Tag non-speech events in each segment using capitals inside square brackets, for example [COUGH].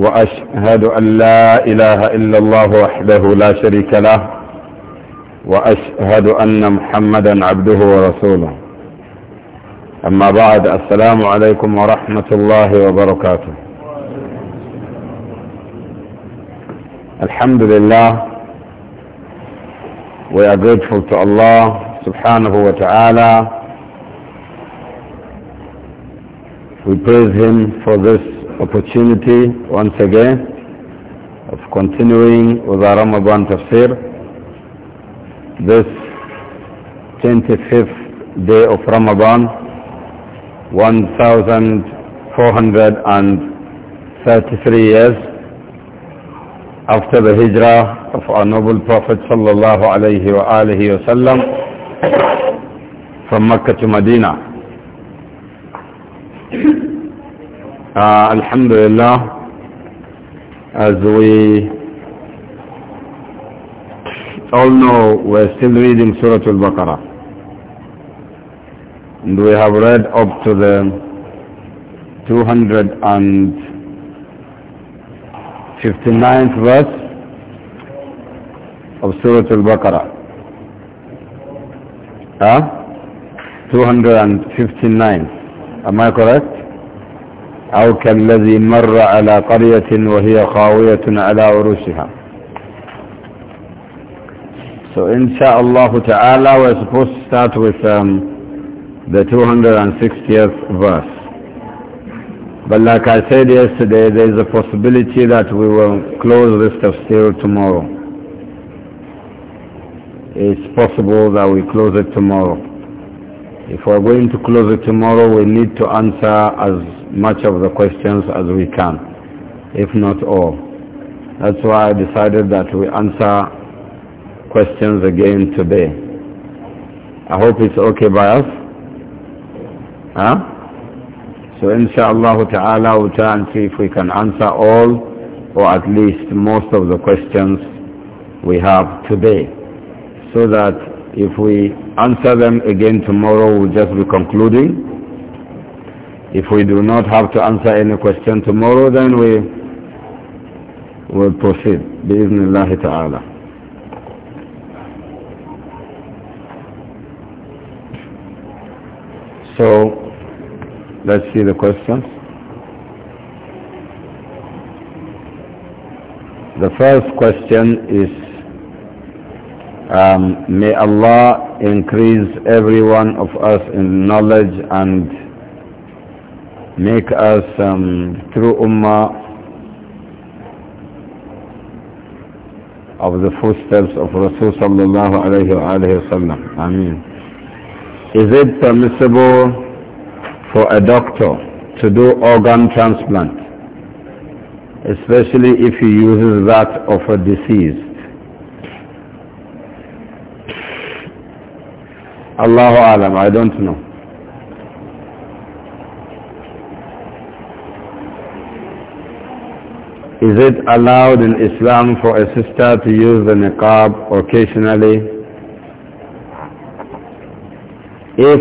وأشهد أن لا إله إلا الله وحده لا شريك له وأشهد أن محمدا عبده ورسوله أما بعد السلام عليكم ورحمة الله وبركاته الحمد لله We are grateful to Allah subhanahu wa ta'ala. We praise Him for this opportunity once again of continuing with our Ramadan tafsir this 25th day of Ramadan 1433 years after the hijrah of our noble prophet sallallahu alaihi wa wasallam from Mecca to Medina uh, Alhamdulillah, as we all know, we're still reading Surah Al-Baqarah. And we have read up to the 259th verse of Surah Al-Baqarah. Huh? 259. Am I correct? أو كالذي مر على قرية وهي خاوية على So insha'Allah we're supposed to start with um, the 260th verse. But like I said yesterday, there is a possibility that we will close this tafsir tomorrow. It's possible that we close it tomorrow. If we're going to close it tomorrow, we need to answer as much of the questions as we can, if not all. That's why I decided that we answer questions again today. I hope it's okay by us. Huh? So inshallah ta'ala we'll try and see if we can answer all or at least most of the questions we have today. So that if we answer them again tomorrow we'll just be concluding if we do not have to answer any question tomorrow, then we will proceed. Bismillah ta'ala. So, let's see the questions. The first question is um, may Allah increase every one of us in knowledge and make us um, through Ummah of the footsteps of Rasul sallallahu alayhi wa alayhi sallam. Ameen. Is it permissible for a doctor to do organ transplant, especially if he uses that of a deceased? Allahu alam, I don't know. Is it allowed in Islam for a sister to use the niqab occasionally? If,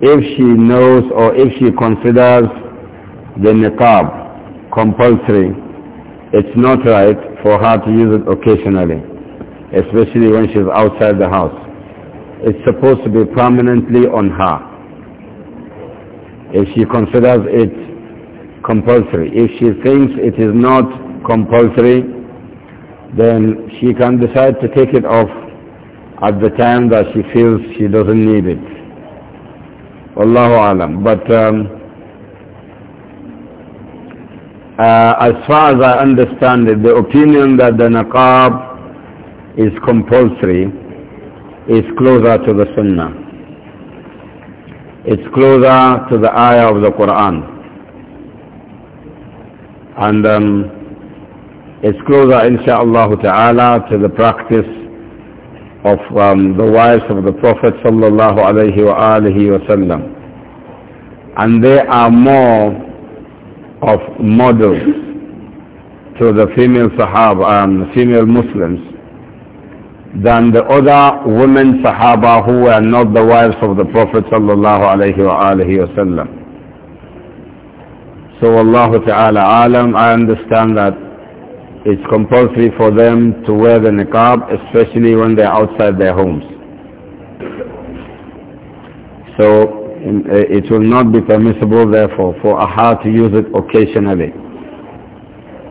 if she knows or if she considers the niqab compulsory, it's not right for her to use it occasionally, especially when she's outside the house. It's supposed to be permanently on her. If she considers it compulsory, if she thinks it is not compulsory, then she can decide to take it off at the time that she feels she doesn't need it. Allahu alam. But um, uh, as far as I understand it, the opinion that the naqab is compulsory is closer to the sunnah. It's closer to the ayah of the Quran. And um, it's closer, insha'Allah ta'ala, to the practice of um, the wives of the Prophet sallallahu alayhi wa alihi wasallam. And they are more of models to the female Sahaba, um, female Muslims, than the other women Sahaba who were not the wives of the Prophet sallallahu alayhi wa alihi wasallam. So Allah ta'ala alam, I understand that it's compulsory for them to wear the niqab, especially when they're outside their homes. So uh, it will not be permissible, therefore, for Aha to use it occasionally.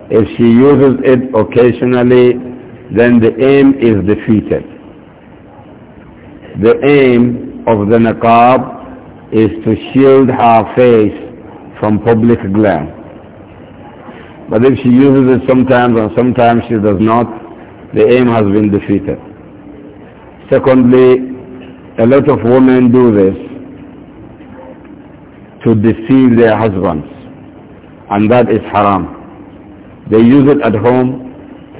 If she uses it occasionally, then the aim is defeated. The aim of the niqab is to shield her face from public glare. But if she uses it sometimes and sometimes she does not, the aim has been defeated. Secondly, a lot of women do this to deceive their husbands. And that is haram. They use it at home.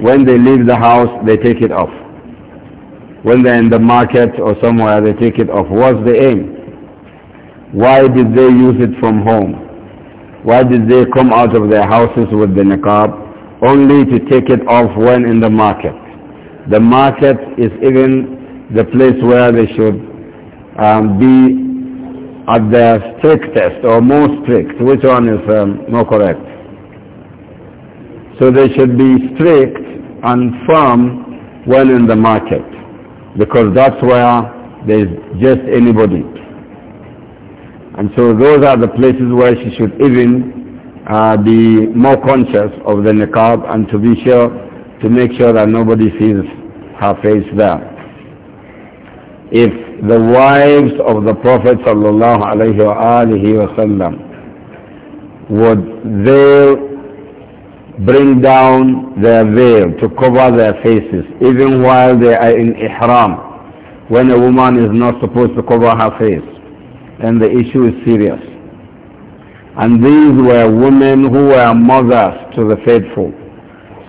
When they leave the house, they take it off. When they're in the market or somewhere, they take it off. What's the aim? Why did they use it from home? Why did they come out of their houses with the niqab? Only to take it off when in the market. The market is even the place where they should um, be at their strictest or most strict. Which one is um, more correct? So they should be strict and firm when in the market because that's where there's just anybody. And so those are the places where she should even uh, be more conscious of the niqab and to be sure to make sure that nobody sees her face there. If the wives of the Prophet sallallahu alaihi wasallam would they bring down their veil to cover their faces even while they are in ihram when a woman is not supposed to cover her face then the issue is serious. And these were women who were mothers to the faithful,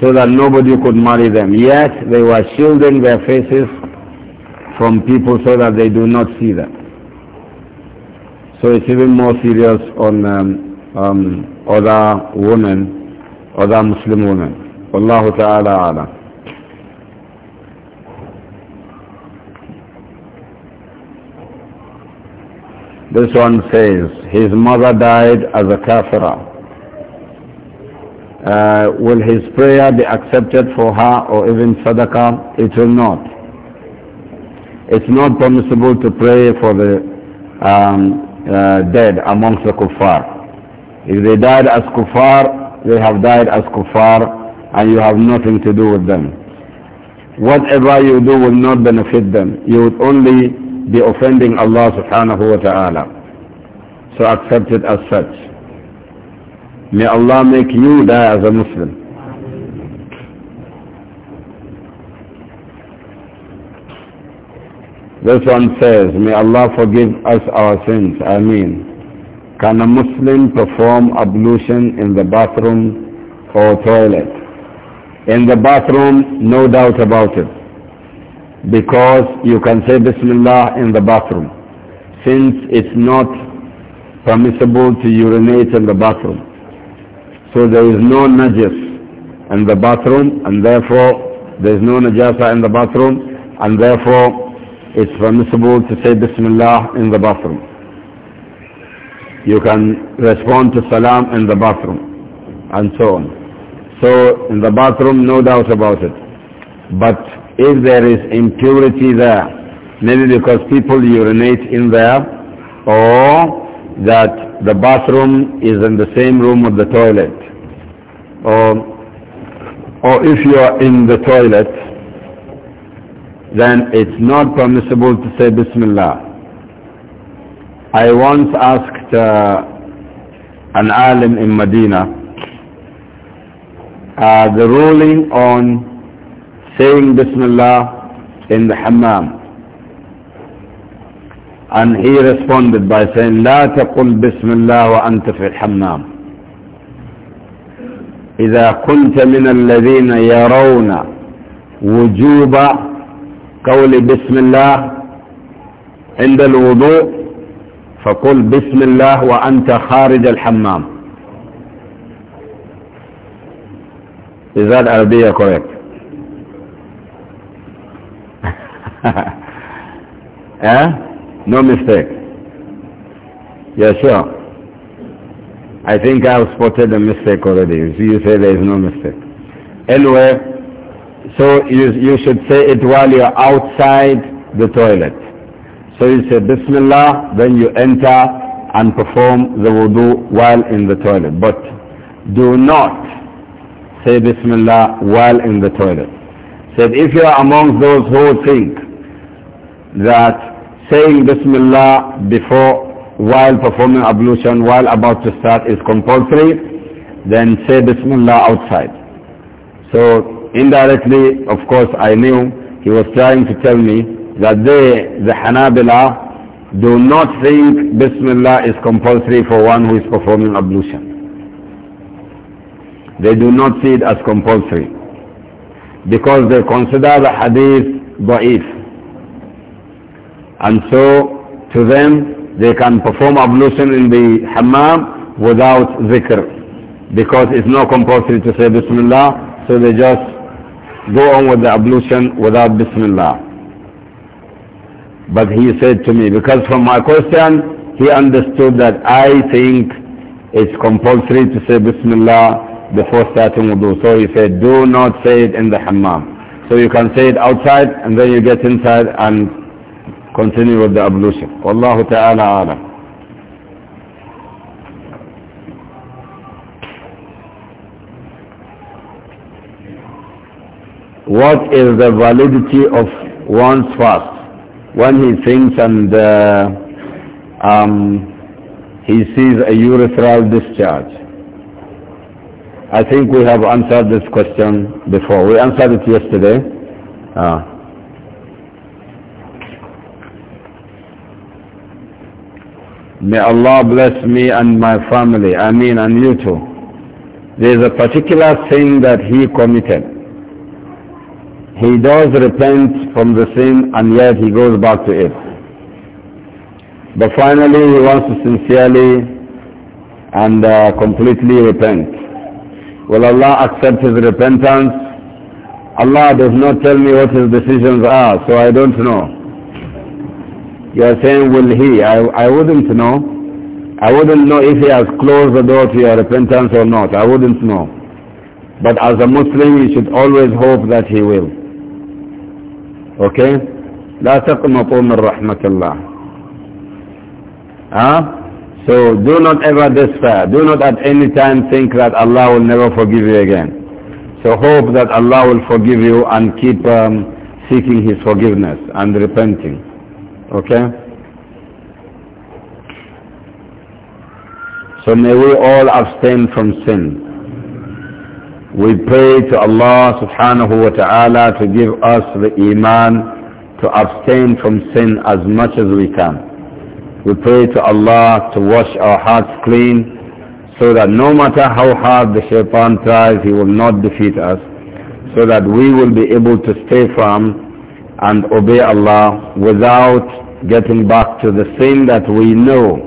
so that nobody could marry them. Yet they were shielding their faces from people so that they do not see them. So it's even more serious on um, um, other women, other Muslim women. Allahu Ta'ala Alam. This one says, his mother died as a kafirah. Uh, will his prayer be accepted for her or even sadaqah? It will not. It's not permissible to pray for the um, uh, dead amongst the kuffar. If they died as kuffar, they have died as kuffar and you have nothing to do with them. Whatever you do will not benefit them. You would only be offending Allah subhanahu wa ta'ala. So accept it as such. May Allah make you die as a Muslim. This one says, may Allah forgive us our sins. I mean, can a Muslim perform ablution in the bathroom or toilet? In the bathroom, no doubt about it because you can say Bismillah in the bathroom since it's not permissible to urinate in the bathroom. So there is no najis in the bathroom and therefore there is no najasa in the bathroom and therefore it's permissible to say Bismillah in the bathroom. You can respond to salam in the bathroom and so on. So in the bathroom, no doubt about it. But if there is impurity there, maybe because people urinate in there, or that the bathroom is in the same room with the toilet, or, or if you are in the toilet, then it's not permissible to say Bismillah. I once asked uh, an alim in Medina uh, the ruling on saying Bismillah in the hammam. And he responded by saying, لا تقل بسم الله وأنت في الحمام. إذا كنت من الذين يرون وجوب قول بسم الله عند الوضوء فقل بسم الله وأنت خارج الحمام. Is that Arabic correct? [LAUGHS] eh? No mistake. Yeah, sure. I think I've spotted a mistake already. So you say there is no mistake. Anyway, so you, you should say it while you're outside the toilet. So you say Bismillah, then you enter and perform the wudu while in the toilet. But do not say Bismillah while in the toilet. Said if you are among those who think that saying Bismillah before, while performing ablution, while about to start is compulsory, then say Bismillah outside. So indirectly, of course, I knew he was trying to tell me that they, the Hanabila, do not think Bismillah is compulsory for one who is performing ablution. They do not see it as compulsory because they consider the hadith baif. And so to them they can perform ablution in the hammam without zikr because it's not compulsory to say bismillah so they just go on with the ablution without bismillah. But he said to me because from my question he understood that I think it's compulsory to say Bismillah before starting wudu. So he said, do not say it in the hammam. So you can say it outside and then you get inside and continue with the ablution. Wallahu ta'ala alam. What is the validity of one's fast? When he thinks and uh, um, he sees a urethral discharge. I think we have answered this question before. We answered it yesterday. Uh, May Allah bless me and my family. I mean, and you too. There is a particular sin that he committed. He does repent from the sin and yet he goes back to it. But finally, he wants to sincerely and uh, completely repent. Will Allah accept his repentance? Allah does not tell me what his decisions are, so I don't know. You are saying, will he? I, I wouldn't know. I wouldn't know if he has closed the door to your repentance or not. I wouldn't know. But as a Muslim, you should always hope that he will. Okay? لا تقنطوا من رحمة الله. Huh? So do not ever despair. Do not at any time think that Allah will never forgive you again. So hope that Allah will forgive you and keep um, seeking His forgiveness and repenting. Okay? So may we all abstain from sin. We pray to Allah subhanahu wa ta'ala to give us the iman to abstain from sin as much as we can. We pray to Allah to wash our hearts clean so that no matter how hard the shaitan tries, he will not defeat us, so that we will be able to stay from and obey Allah without getting back to the sin that we know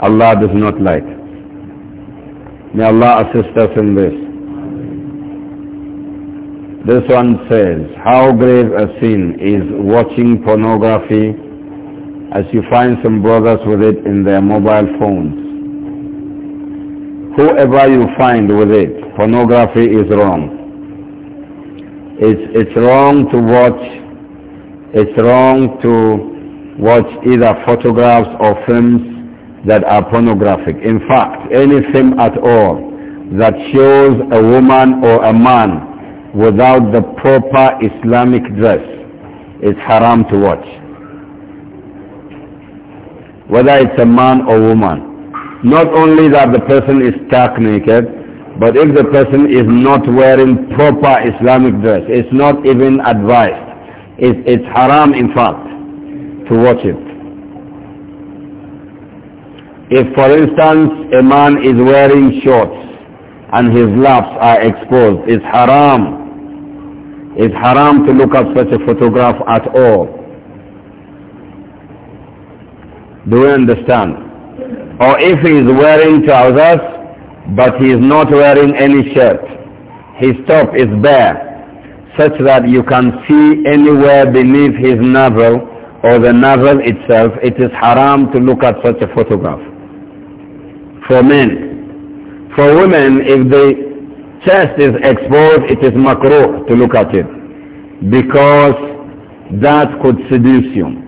Allah does not like. May Allah assist us in this. This one says, how grave a sin is watching pornography as you find some brothers with it in their mobile phones. Whoever you find with it, pornography is wrong. It's, it's wrong to watch it's wrong to watch either photographs or films that are pornographic. In fact, any film at all that shows a woman or a man without the proper Islamic dress is haram to watch. Whether it's a man or woman. Not only that the person is stark naked, but if the person is not wearing proper Islamic dress, it's not even advised it, it's haram in fact to watch it. If for instance a man is wearing shorts and his laps are exposed, it's haram. It's haram to look at such a photograph at all. Do you understand? Or if he is wearing trousers, but he is not wearing any shirt, his top is bare, such that you can see anywhere beneath his navel or the navel itself, it is haram to look at such a photograph. For men. For women, if the chest is exposed, it is makruh to look at it. Because that could seduce you.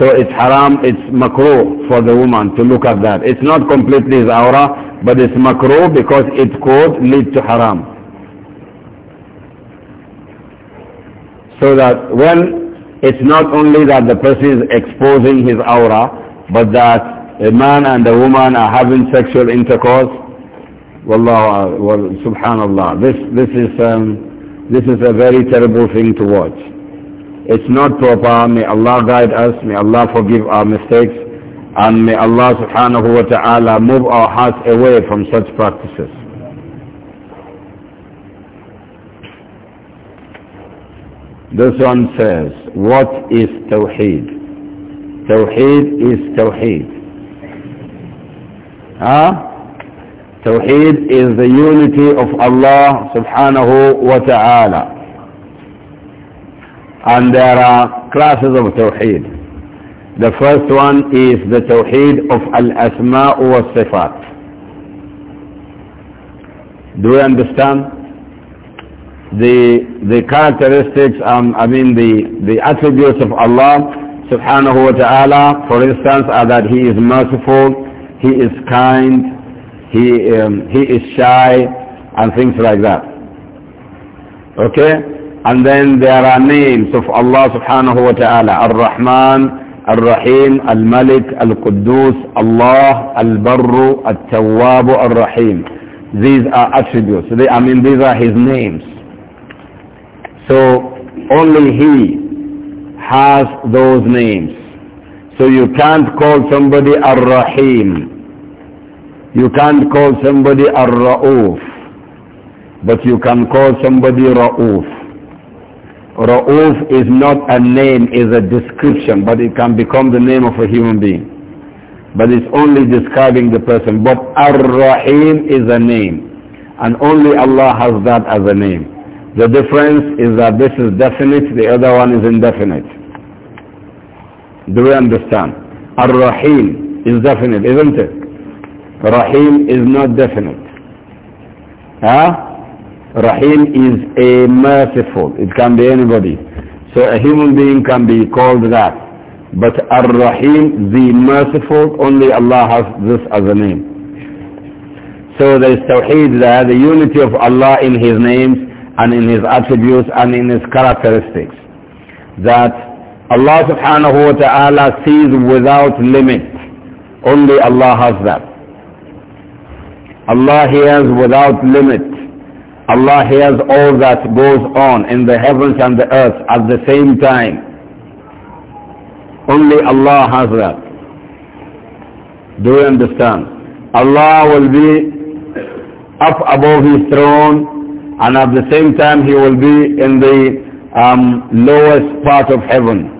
So it's haram, it's makruh for the woman to look at that. It's not completely his aura, but it's makruh because it could lead to haram. So that when it's not only that the person is exposing his aura, but that a man and a woman are having sexual intercourse, Wallah, well, subhanallah, this, this, is, um, this is a very terrible thing to watch. It's not proper. May Allah guide us. May Allah forgive our mistakes. And may Allah subhanahu wa ta'ala move our hearts away from such practices. This one says, what is Tawheed? Tawheed is Tawheed. Huh? Tawheed is the unity of Allah subhanahu wa ta'ala. And there are classes of Tawheed. The first one is the Tawheed of Al-Asma' wa Sifat. Do you understand? the, the characteristics, um, I mean the, the attributes of Allah subhanahu wa ta'ala, for instance, are that He is merciful, He is kind, He, um, he is shy, and things like that. Okay? And then there are names of Allah subhanahu wa ta'ala, Ar-Rahman, Ar-Rahim, Al-Malik, Al-Quddus, Allah, Al-Barru, Al-Tawwabu, Al rahim These are attributes. They, I mean, these are his names. So only he has those names. So you can't call somebody Ar-Rahim. You can't call somebody Ar-Ra'uf. But you can call somebody Ra'uf. Ra'uf is not a name, is a description, but it can become the name of a human being. But it's only describing the person. But Ar-Rahim is a name. And only Allah has that as a name. The difference is that this is definite, the other one is indefinite. Do we understand? Ar-Rahim is definite, isn't it? Rahim is not definite. Huh? Rahim is a merciful. It can be anybody. So a human being can be called that. But Ar-Rahim, the merciful, only Allah has this as a name. So there is Tawheed there, the unity of Allah in His names, and in his attributes and in his characteristics. That Allah subhanahu wa ta'ala sees without limit. Only Allah has that. Allah hears without limit. Allah hears all that goes on in the heavens and the earth at the same time. Only Allah has that. Do you understand? Allah will be up above his throne and at the same time he will be in the um, lowest part of heaven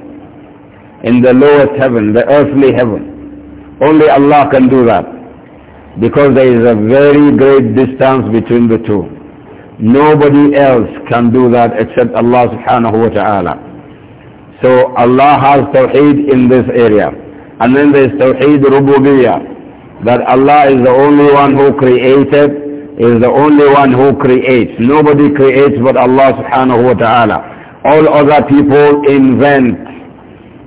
in the lowest heaven the earthly heaven only Allah can do that because there is a very great distance between the two nobody else can do that except Allah subhanahu wa ta'ala so Allah has tawheed in this area and then there is tawheed rububiyyah that Allah is the only one who created is the only one who creates. Nobody creates but Allah subhanahu wa ta'ala. All other people invent,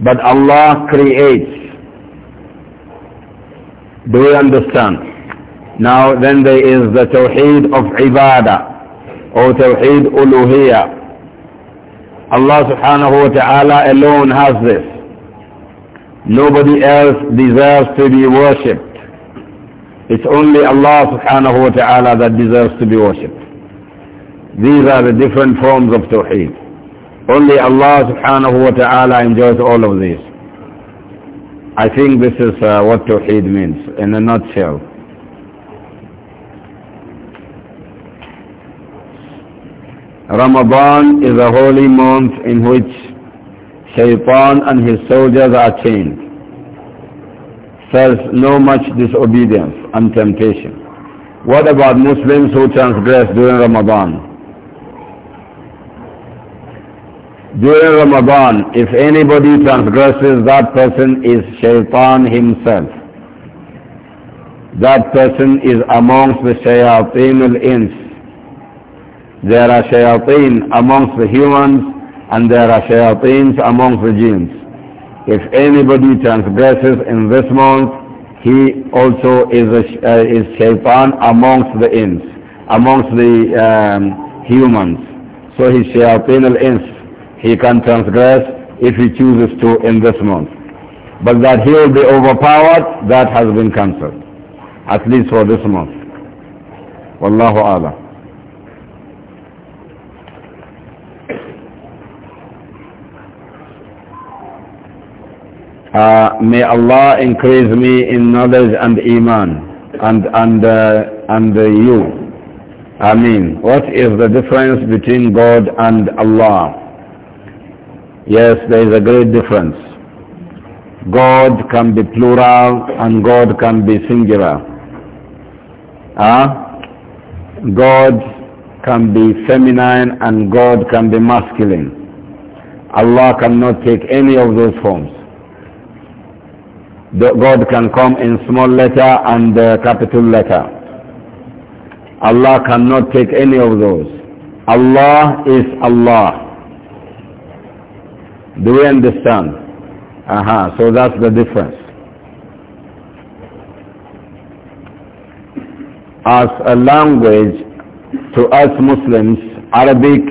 but Allah creates. Do we understand? Now then there is the Tawheed of Ibadah or Tawheed Uluhiyah. Allah subhanahu wa ta'ala alone has this. Nobody else deserves to be worshipped. It's only Allah subhanahu wa ta'ala that deserves to be worshipped. These are the different forms of Tawheed. Only Allah subhanahu wa ta'ala enjoys all of these. I think this is uh, what Tawheed means in a nutshell. Ramadan is a holy month in which shaitan and his soldiers are chained. Says no much disobedience and temptation. What about Muslims who transgress during Ramadan? During Ramadan, if anybody transgresses, that person is shaitan himself. That person is amongst the shayateen al-ins. There are shayateen amongst the humans and there are shayateens amongst the jinns. If anybody transgresses in this month, he also is, a, uh, is shaitan amongst the ins, amongst the um, humans. So he's shaitan al-ins. He can transgress if he chooses to in this month. But that he will be overpowered, that has been cancelled, at least for this month. Wallahu A'lam. Uh, may Allah increase me in knowledge and iman and and uh, and uh, you. I mean, what is the difference between God and Allah? Yes, there is a great difference. God can be plural and God can be singular. Ah, huh? God can be feminine and God can be masculine. Allah cannot take any of those forms. God can come in small letter and uh, capital letter. Allah cannot take any of those. Allah is Allah. Do we understand? Aha, uh -huh. so that's the difference. As a language, to us Muslims, Arabic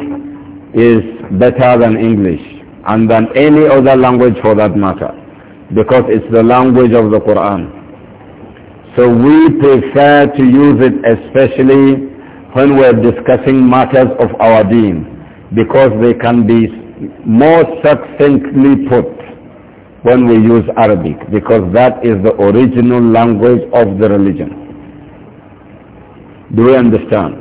is better than English and than any other language for that matter because it's the language of the Quran. So we prefer to use it especially when we're discussing matters of our deen because they can be more succinctly put when we use Arabic because that is the original language of the religion. Do we understand?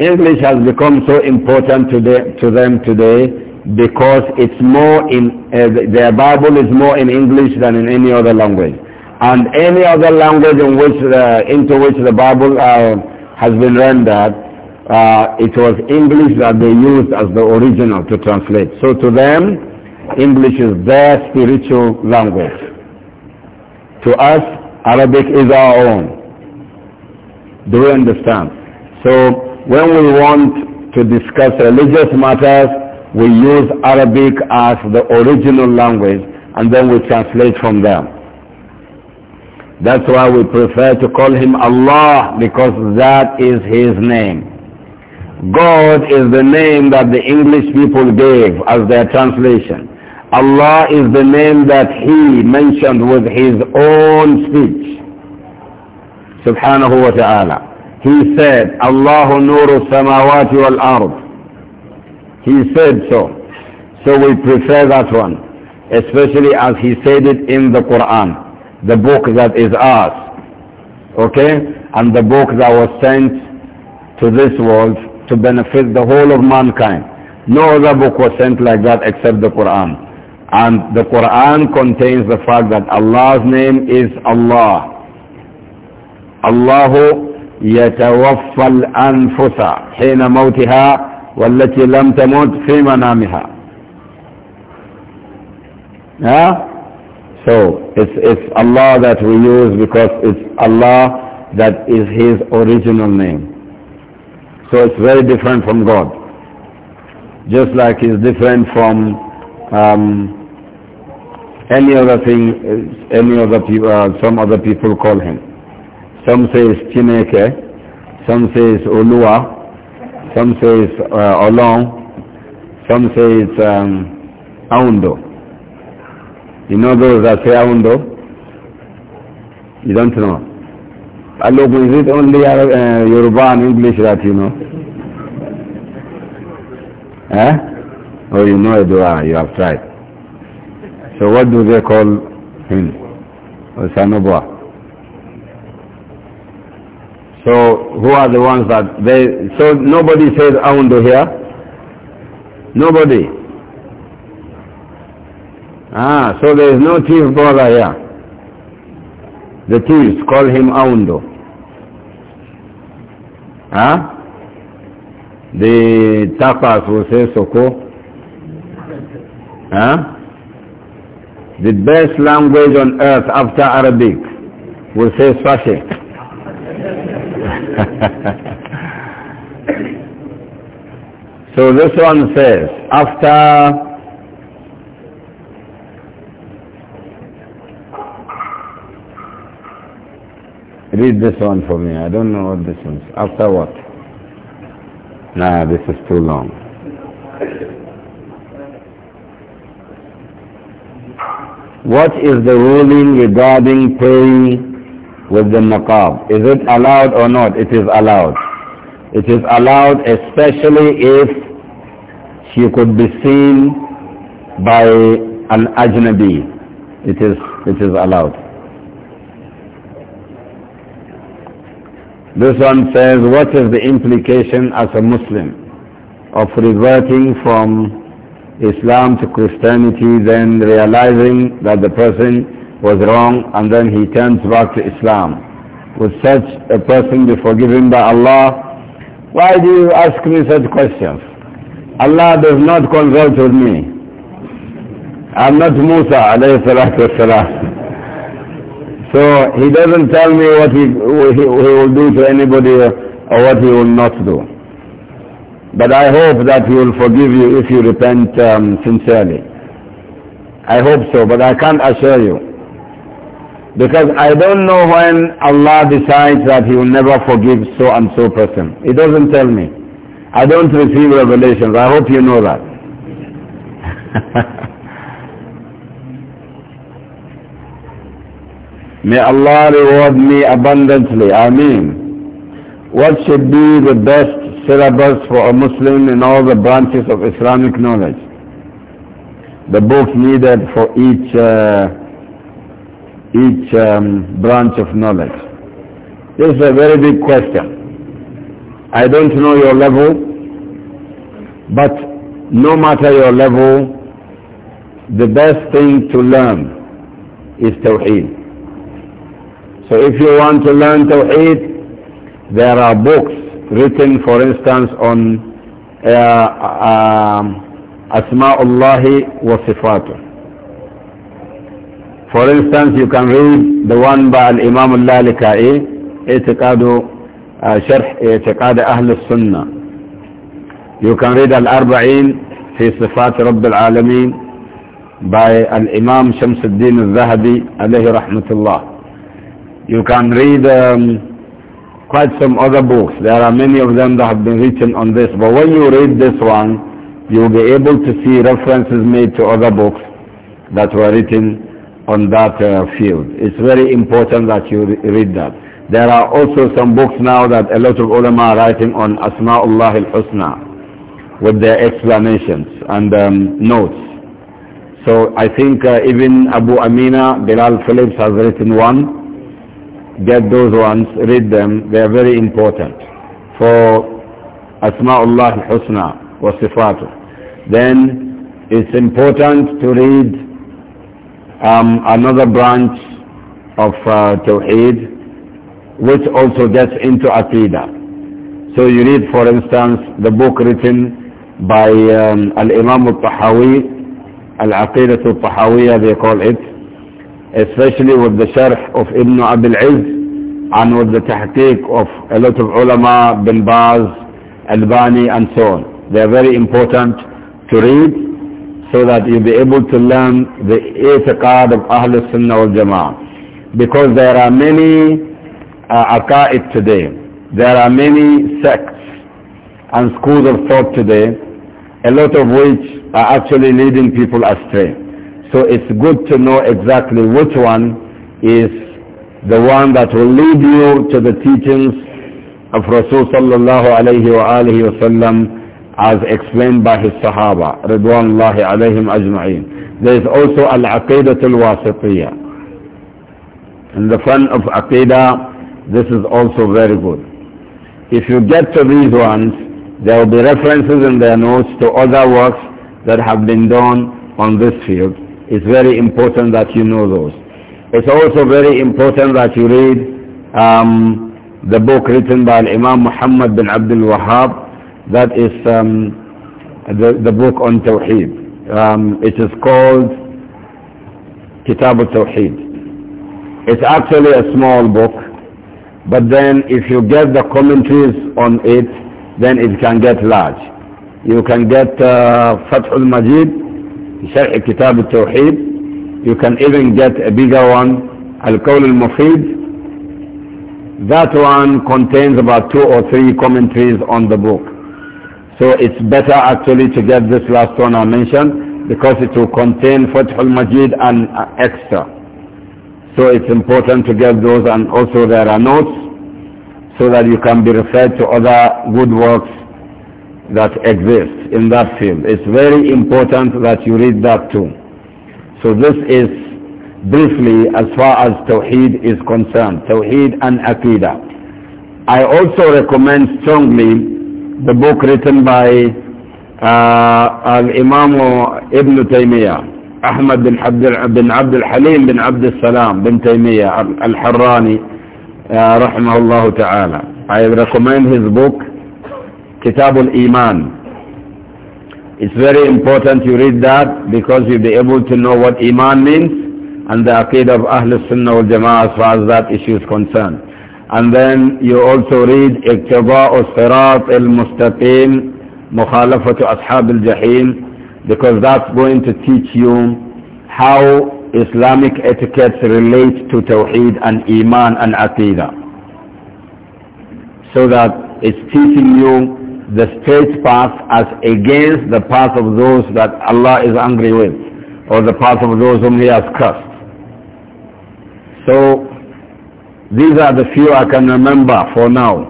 English has become so important today, to them today because it's more in, uh, their Bible is more in English than in any other language. And any other language in which the, into which the Bible uh, has been rendered, uh, it was English that they used as the original to translate. So to them, English is their spiritual language. To us, Arabic is our own. Do we understand? So when we want to discuss religious matters, we use Arabic as the original language and then we translate from there. That's why we prefer to call him Allah because that is his name. God is the name that the English people gave as their translation. Allah is the name that he mentioned with his own speech. Subhanahu wa ta'ala. He said, Allahu nuru samawati wal ard. He said so. So we prefer that one, especially as he said it in the Quran, the book that is ours. Okay? And the book that was sent to this world to benefit the whole of mankind. No other book was sent like that except the Quran. And the Quran contains the fact that Allah's name is Allah. Allahu يتوفى الأنفس حين موتها والتي لم تموت في منامها yeah? so it's, it's Allah that we use because it's Allah that is his original name so it's very different from God just like it's different from um, any other thing any other people uh, some other people call him some say it's Chineke some say it's Oluwa some say it's uh, Some say it's um, Aundo. You know those that say Aundo? You don't know. Alogu, is it only uh, uh, Yoruba and English that you know? eh? Oh, you know Edua, you have tried. So what do they call him? Osanobwa. So who are the ones that they, so nobody says Aundu here? Nobody. Ah, so there is no chief brother here. The chiefs call him Aundu. Ah? The tapas will say Soko. Ah? The best language on earth after Arabic will say Swahili. [LAUGHS] so this one says, after Read this one for me. I don't know what this one's. After what? Nah, this is too long. What is the ruling regarding paying with the naqab. Is it allowed or not? It is allowed. It is allowed especially if she could be seen by an ajnabi. It is, it is allowed. This one says, what is the implication as a Muslim of reverting from Islam to Christianity then realizing that the person was wrong and then he turns back to Islam. Would such a person be forgiven by Allah? Why do you ask me such questions? Allah does not consult with me. I'm not Musa alayhi salatu wasalam. So he doesn't tell me what he, he, he will do to anybody or what he will not do. But I hope that he will forgive you if you repent um, sincerely. I hope so, but I can't assure you. Because I don't know when Allah decides that He will never forgive so and so person. He doesn't tell me. I don't receive revelations. I hope you know that. [LAUGHS] May Allah reward me abundantly. I mean, What should be the best syllabus for a Muslim in all the branches of Islamic knowledge? The book needed for each uh, each um, branch of knowledge? This is a very big question. I don't know your level, but no matter your level, the best thing to learn is Tawheed. So if you want to learn Tawheed, there are books written, for instance, on uh, uh, um, Asma'ullahi wa Sifatuh for instance, you can read the one by Imam al-Lalikai, Itiqadu uh, Sharh Itiqad Ahl al-Sunnah. You can read Al-Arba'in Sifat Rabb al-Alameen by Al-Imam Shams al-Din al-Zahabi alayhi rahmatullah. You can read um, quite some other books. There are many of them that have been written on this. But when you read this one, you'll be able to see references made to other books that were written on that uh, field. It's very important that you re read that. There are also some books now that a lot of ulama are writing on Asma'ullah al-Husna with their explanations and um, notes. So I think uh, even Abu Amina, Bilal Phillips has written one. Get those ones, read them. They are very important for Asma'ullah al-Husna wa Sifatu. Then it's important to read um, another branch of uh, Tawheed, which also gets into Aqidah. So you read, for instance, the book written by um, Al-Imam al-Tahawi, Al-Aqidah al-Tahawiyah they call it, especially with the Sharh of Ibn Abil al-Izz, and with the tahqiq of a lot of ulama, Bin Baz, Albani and so on. They are very important to read so that you'll be able to learn the itiqad of Ahlul Sunnah wal Jama'ah. Because there are many uh, aqa'id today. There are many sects and schools of thought today, a lot of which are actually leading people astray. So it's good to know exactly which one is the one that will lead you to the teachings of Rasulullah sallallahu alayhi wa alihi wa sallam as explained by his Sahaba, Ridwanullahi alayhim ajma'in. There is also al al Wasitiyah. In the front of Aqidah, this is also very good. If you get to these ones, there will be references in their notes to other works that have been done on this field. It's very important that you know those. It's also very important that you read um, the book written by Imam Muhammad bin Abdul Wahhab, that is um, the, the book on Tawheed. Um, it is called Kitab al-Tawheed. It's actually a small book, but then if you get the commentaries on it, then it can get large. You can get uh, Fath al-Majid, Sharh Kitab al-Tawheed. You can even get a bigger one, Al-Qawl al-Mufid, that one contains about two or three commentaries on the book. So it's better actually to get this last one I mentioned because it will contain Fathul Majid and uh, extra. So it's important to get those and also there are notes so that you can be referred to other good works that exist in that field. It's very important that you read that too. So this is briefly as far as Tawheed is concerned, Tawheed and Aqidah. I also recommend strongly the book written by uh, Imam Ibn Taymiyyah, Ahmad bin Abd al-Halim bin Abd al-Salam bin Taymiyyah al-Harrani, uh, rahimahullah ta'ala. I recommend his book, Kitab al-Iman. It's very important you read that because you'll be able to know what Iman means and the Aqidah of Ahlul Sunnah wal Jama'ah as far as that issue is concerned. And then you also read al الصراط المستقيم مخالفة أصحاب الجحيم because that's going to teach you how Islamic etiquettes relate to Tawheed and Iman and Aqidah. So that it's teaching you the straight path as against the path of those that Allah is angry with or the path of those whom He has cursed. So these are the few I can remember for now.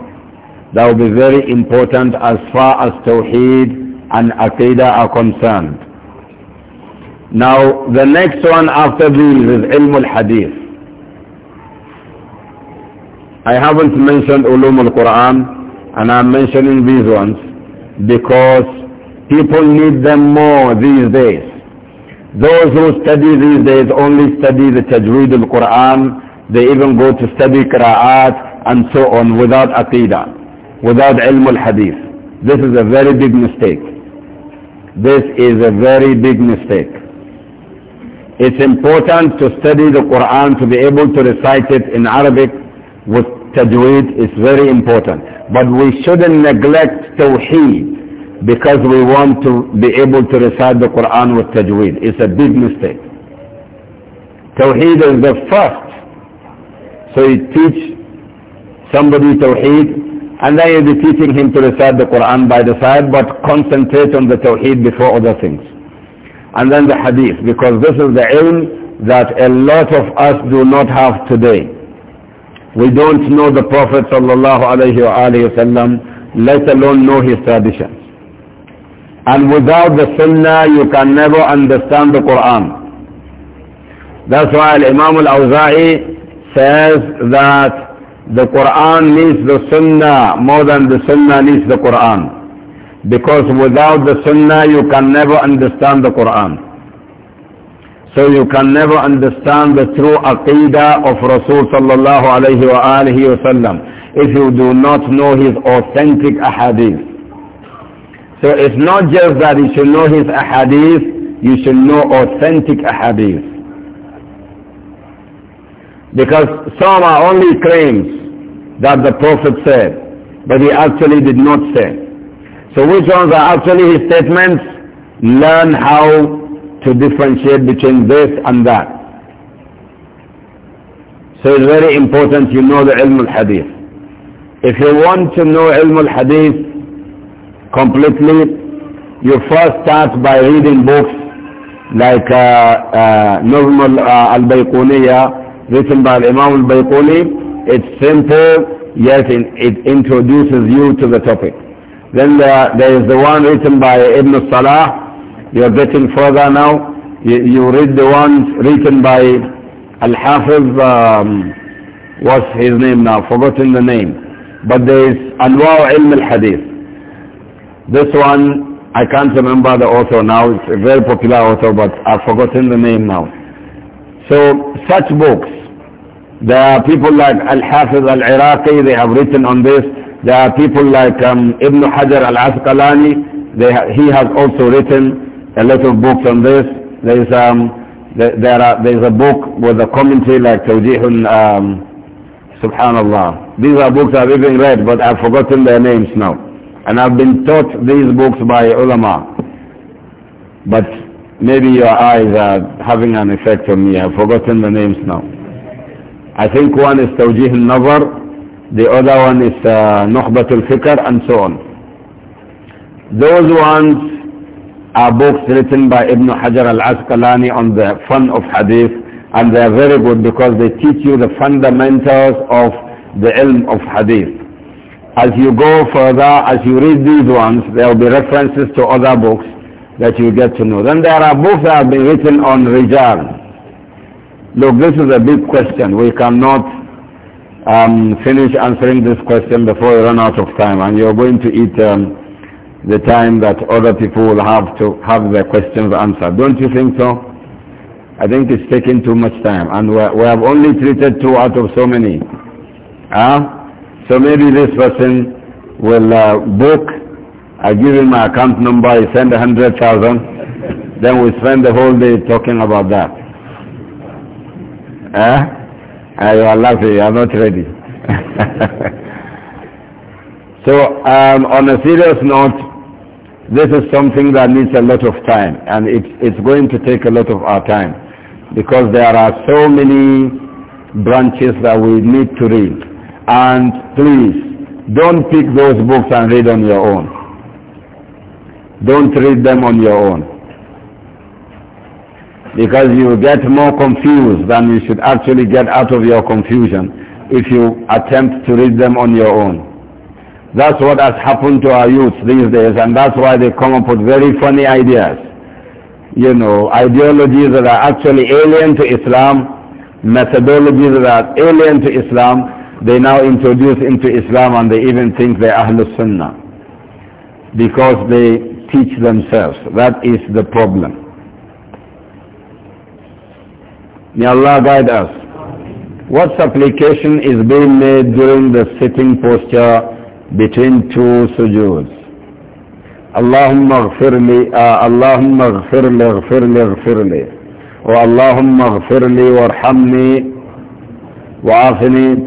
That will be very important as far as Tawheed and Aqidah are concerned. Now, the next one after these is Ilm al-Hadith. I haven't mentioned Ulum al-Quran and I'm mentioning these ones because people need them more these days. Those who study these days only study the Tajweed al-Quran they even go to study qira'at and so on without aqidah, without ilm al-hadith. This is a very big mistake. This is a very big mistake. It's important to study the Quran to be able to recite it in Arabic with tajweed. It's very important. But we shouldn't neglect tawheed because we want to be able to recite the Quran with tajweed. It's a big mistake. Tawheed is the first so you teach somebody Tawheed and then you'll be teaching him to recite the Quran by the side but concentrate on the Tawheed before other things. And then the Hadith because this is the ilm that a lot of us do not have today. We don't know the Prophet sallallahu alayhi wasallam, let alone know his traditions. And without the Sunnah you can never understand the Quran. That's why Imam al-Awza'i says that the Quran needs the Sunnah more than the Sunnah needs the Quran. Because without the Sunnah you can never understand the Quran. So you can never understand the true Aqidah of Rasul sallallahu wasallam if you do not know his authentic ahadith. So it's not just that you should know his ahadith, you should know authentic ahadith. Because some are only claims that the Prophet said, but he actually did not say. So which ones are actually his statements? Learn how to differentiate between this and that. So it's very important you know the ilm al-hadith. If you want to know ilm al-hadith completely, you first start by reading books like uh, uh, Nazm uh, al-Bayquniya written by Imam al-Bayquni. It's simple, yet it introduces you to the topic. Then there is the one written by Ibn Salah. You're getting further now. You, read the ones written by Al-Hafiz, um, what's his name now? Forgotten the name. But there is Anwar Ilm al-Hadith. This one, I can't remember the author now. It's a very popular author, but I've forgotten the name now. So such books, there are people like Al-Hafiz Al-Iraqi, they have written on this. There are people like um, Ibn Hajar Al-Asqalani, ha he has also written a lot of books on this. There is, um, there, there, are, there is a book with a commentary like Tawjihun, um, Subhanallah. These are books I've even read, but I've forgotten their names now. And I've been taught these books by ulama. But Maybe your eyes are having an effect on me. I've forgotten the names now. I think one is Tawjih al-Nazar, the other one is uh, al-Fikr, and so on. Those ones are books written by Ibn Hajar al-Asqalani on the fun of hadith, and they are very good because they teach you the fundamentals of the ilm of hadith as you go further, as you read these ones, there will be references to other books that you get to know. Then there are books that have been written on Rijal. Look, this is a big question. We cannot um, finish answering this question before we run out of time. And you're going to eat um, the time that other people will have to have their questions answered. Don't you think so? I think it's taking too much time. And we have only treated two out of so many. Huh? So maybe this person will uh, book I give him my account number, he send a hundred thousand, then we spend the whole day talking about that. Eh? Ah, you are laughing, you are not ready. [LAUGHS] so um, on a serious note, this is something that needs a lot of time and it, it's going to take a lot of our time because there are so many branches that we need to read. And please, don't pick those books and read on your own. Don't read them on your own. Because you get more confused than you should actually get out of your confusion if you attempt to read them on your own. That's what has happened to our youth these days and that's why they come up with very funny ideas. You know, ideologies that are actually alien to Islam, methodologies that are alien to Islam, they now introduce into Islam and they even think they're Ahlul Sunnah. Because they teach themselves. That is the problem. May Allah guide us. What supplication is being made during the sitting posture between two sujoods? اللهم اغفر لي آه اللهم اغفر لي اغفر لي اغفر لي واللهم اغفر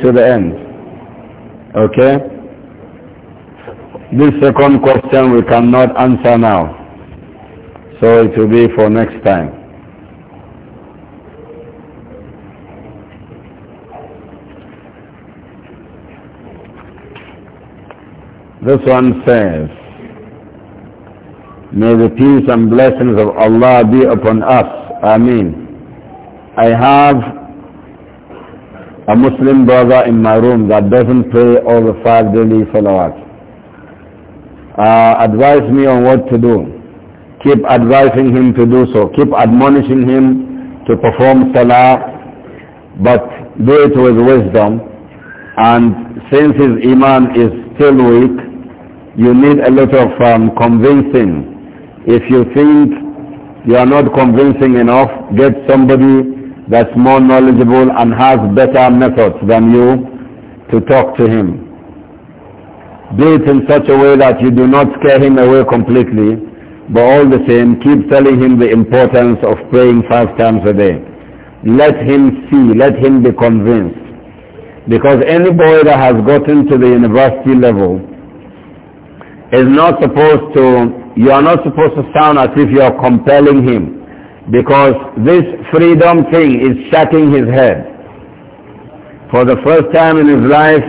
to the end okay this second question we cannot answer now. So it will be for next time. This one says, May the peace and blessings of Allah be upon us. Ameen. I have a Muslim brother in my room that doesn't pray all the five daily salawats uh, advise me on what to do. Keep advising him to do so. Keep admonishing him to perform salah, but do it with wisdom. And since his iman is still weak, you need a lot of um, convincing. If you think you are not convincing enough, get somebody that's more knowledgeable and has better methods than you to talk to him do it in such a way that you do not scare him away completely, but all the same, keep telling him the importance of praying five times a day. Let him see, let him be convinced. Because any boy that has gotten to the university level is not supposed to, you are not supposed to sound as if you are compelling him. Because this freedom thing is shutting his head. For the first time in his life,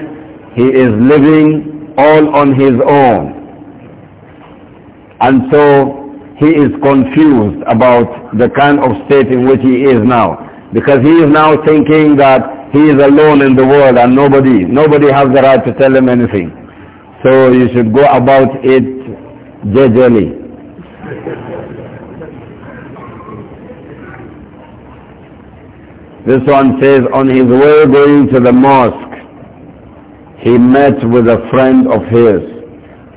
he is living all on his own. And so he is confused about the kind of state in which he is now. Because he is now thinking that he is alone in the world and nobody, nobody has the right to tell him anything. So you should go about it jejely. This one says, on his way going to the mosque, he met with a friend of his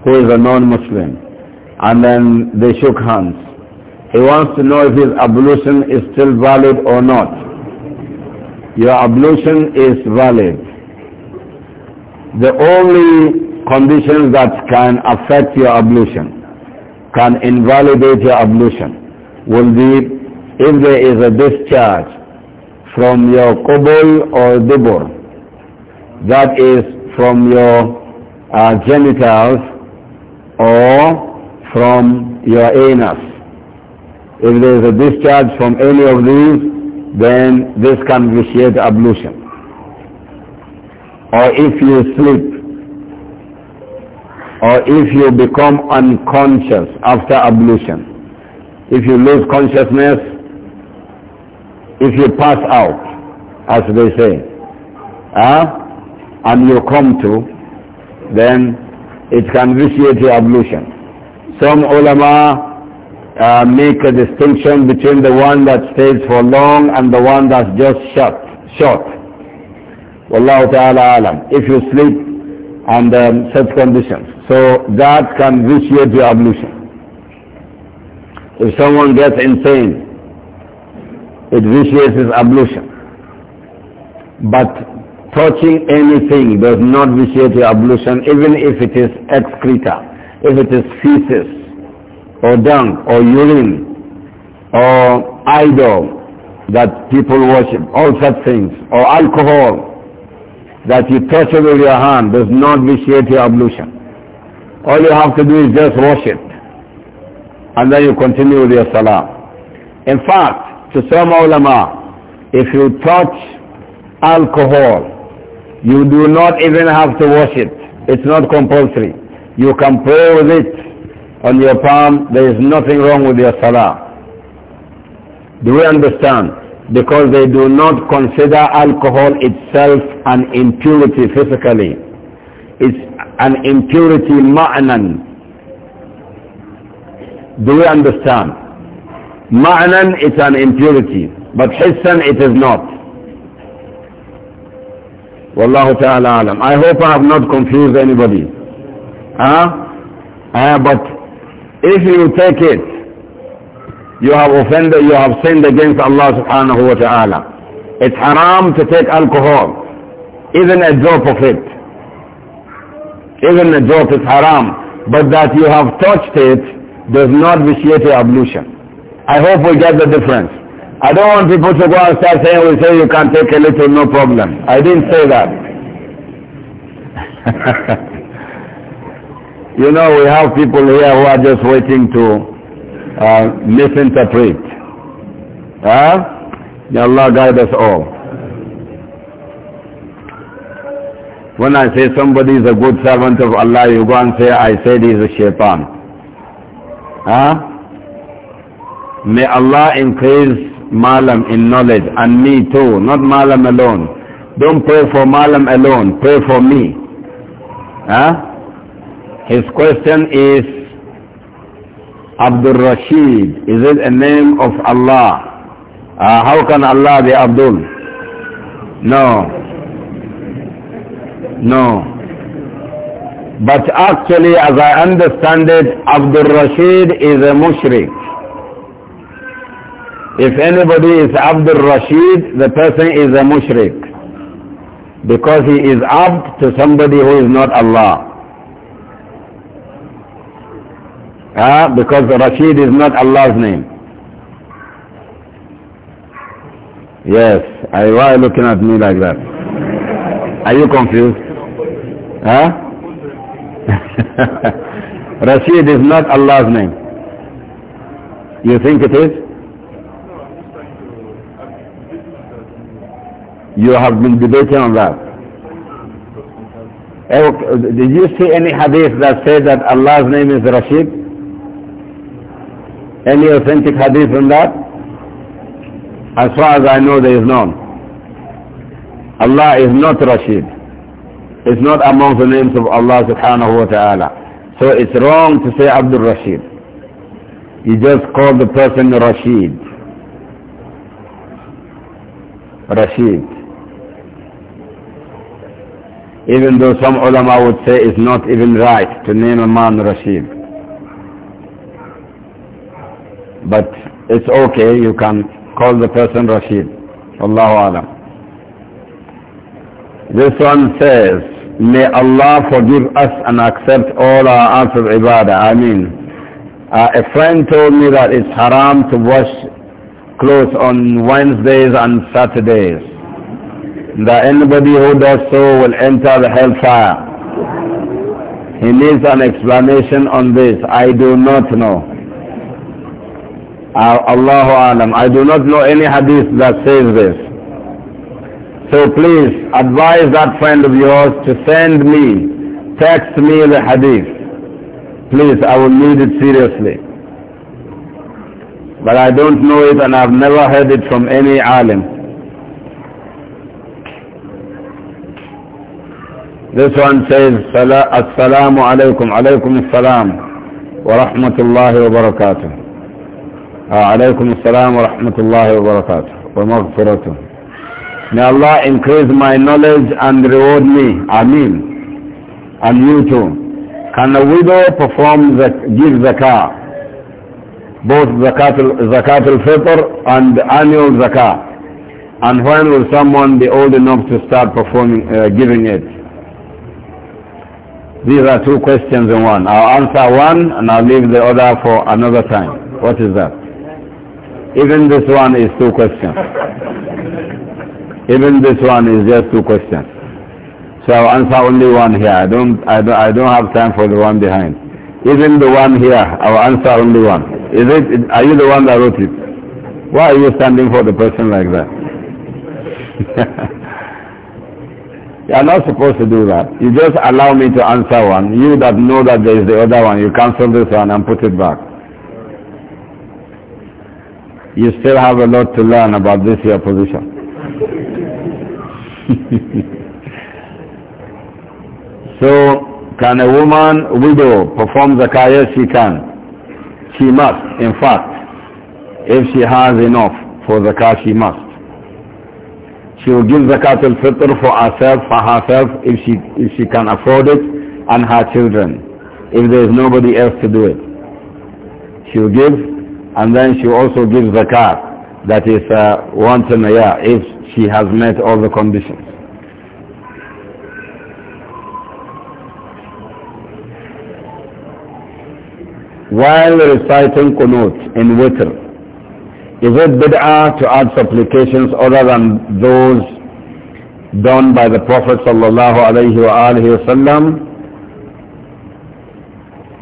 who is a non-Muslim and then they shook hands. He wants to know if his ablution is still valid or not. Your ablution is valid. The only conditions that can affect your ablution, can invalidate your ablution, will be if there is a discharge from your kubul or dubur. That is from your uh, genitals or from your anus. If there is a discharge from any of these, then this can vitiate ablution. Or if you sleep, or if you become unconscious after ablution, if you lose consciousness, if you pass out, as they say. Huh? and you come to, then it can vitiate your ablution. Some ulama uh, make a distinction between the one that stays for long and the one that's just shut short. Wallahu ta'ala alam. If you sleep under um, such conditions. So that can vitiate your ablution. If someone gets insane, it vitiates his ablution. But touching anything does not vitiate your ablution even if it is excreta, if it is feces, or dung, or urine, or idol that people worship, all such things, or alcohol that you touch it with your hand does not vitiate your ablution. All you have to do is just wash it. And then you continue with your salah. In fact, to some ulama, if you touch alcohol you do not even have to wash it. It's not compulsory. You can pray with it on your palm. There is nothing wrong with your salah. Do we understand? Because they do not consider alcohol itself an impurity physically. It's an impurity ma'nan. Do we understand? Ma'nan it's an impurity, but hissan it is not. Wallahu ta'ala alam. I hope I have not confused anybody. Huh? Uh, but if you take it, you have offended, you have sinned against Allah subhanahu wa ta'ala. It's haram to take alcohol, even a drop of it. Even a drop is haram. But that you have touched it does not vitiate your ablution. I hope we get the difference. I don't want people to go and start saying, we say you can take a little, no problem. I didn't say that. [LAUGHS] you know, we have people here who are just waiting to uh, misinterpret. Huh? May Allah guide us all. When I say somebody is a good servant of Allah, you go and say, I said he's a shaitan. Huh? May Allah increase Malam in knowledge and me too, not Malam alone. Don't pray for Malam alone, pray for me. Huh? His question is, Abdul Rashid, is it a name of Allah? Uh, how can Allah be Abdul? No. No. But actually, as I understand it, Abdul Rashid is a mushrik. If anybody is Abdul Rashid, the person is a mushrik. Because he is abd to somebody who is not Allah. Ah, uh, because Rashid is not Allah's name. Yes. I, why are you looking at me like that? Are you confused? Huh? [LAUGHS] Rashid is not Allah's name. You think it is? You have been debating on that. Oh, did you see any hadith that says that Allah's name is Rashid? Any authentic hadith on that? As far as I know, there is none. Allah is not Rashid. It's not among the names of Allah subhanahu wa ta'ala. So it's wrong to say Abdul Rashid. You just call the person Rashid. Rashid even though some ulama would say it's not even right to name a man Rashid. But it's okay, you can call the person Rashid. Allahu Alam. This one says, May Allah forgive us and accept all our acts of ibadah. I mean, uh, a friend told me that it's haram to wash clothes on Wednesdays and Saturdays that anybody who does so will enter the hellfire. He needs an explanation on this. I do not know. Uh, Allahu Alam. I do not know any hadith that says this. So please advise that friend of yours to send me, text me the hadith. Please, I will need it seriously. But I don't know it and I've never heard it from any alim. This one says, Assalamu alaikum, alaikum assalam, wa rahmatullahi wa barakatuh. عليكم السلام ورحمة الله وبركاته ومغفرته May Allah increase my knowledge and reward me. Ameen. And you too. Can a widow perform the, give zakah? Both zakatul, zakatul fitr and annual zakah. And when will someone be old enough to start performing, uh, giving it? These are two questions in one. I'll answer one and I'll leave the other for another time. What is that? Even this one is two questions. Even this one is just two questions. So I'll answer only one here. I don't, I don't, I don't have time for the one behind. Even the one here, I'll answer only one. Is it, are you the one that wrote it? Why are you standing for the person like that? [LAUGHS] You are not supposed to do that. You just allow me to answer one. You that know that there is the other one, you cancel this one and put it back. You still have a lot to learn about this your position. [LAUGHS] so, can a woman, widow, perform the Yes, she can. She must, in fact. If she has enough for zakah, she must. She will give zakat al-fitr for herself, for herself, if she, if she can afford it, and her children, if there is nobody else to do it. She will give, and then she will also give zakat, that is uh, once in a year, if she has met all the conditions. While reciting kunut in witr, is it bid'ah to add supplications other than those done by the Prophet sallallahu alayhi wa